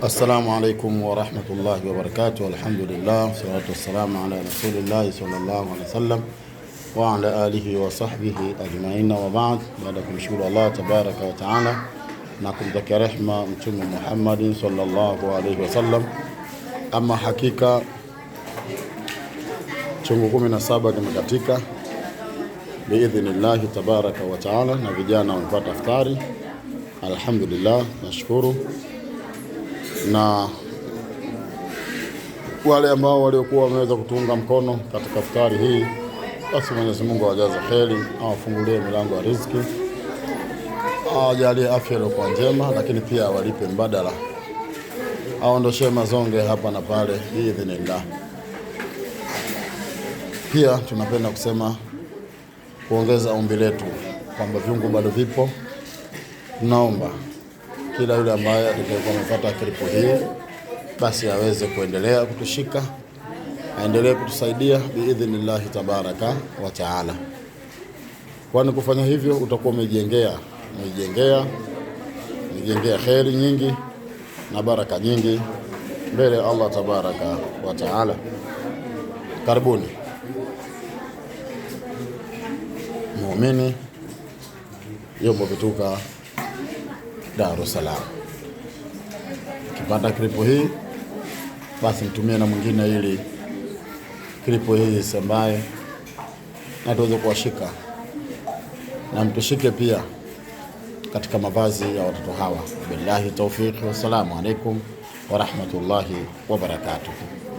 Assalamu alaikum warahmatullahi wabarakatuh. Alhamdulillah wassalatu wassalamu ala rasulillahi sallallahu alaihi wasallam wa ala alihi wa sahbihi ajmaina wa baad. Baada ya kumshukuru Allah tabaraka wa taala na kumtakia rehma Mtume Muhammadin sallallahu alaihi wasallam, ama hakika chungu kumi na saba kimekatika biidhnillahi tabaraka wa taala, na vijana wamepata iftari. Alhamdulillah, nashukuru na wale ambao waliokuwa wameweza kutuunga mkono katika iftari hii, basi Mwenyezi Mungu awajaze heri, awafungulie milango ya riziki, awajalie afya iliyokuwa njema, lakini pia awalipe mbadala, aondoshee mazonge hapa na pale biidhinillah. Pia tunapenda kusema kuongeza ombi letu kwamba vyungu bado vipo, tunaomba kila yule ambaye atakayekuwa amepata klipu hii basi aweze kuendelea kutushika, aendelee kutusaidia biidhnillahi tabaraka wa taala, kwani kufanya hivyo utakuwa umejengea umejengea umejengea kheri nyingi na baraka nyingi mbele ya Allah tabaraka wa taala. Karibuni muumini Yombo Vituka. Dar es Salaam. Ukipata klipu hii, basi mtumie na mwingine, ili klipu hii isambae na tuweze kuwashika na mtushike pia katika mavazi ya watoto hawa. Billahi taufiki wassalamu alaikum warahmatullahi wabarakatuh.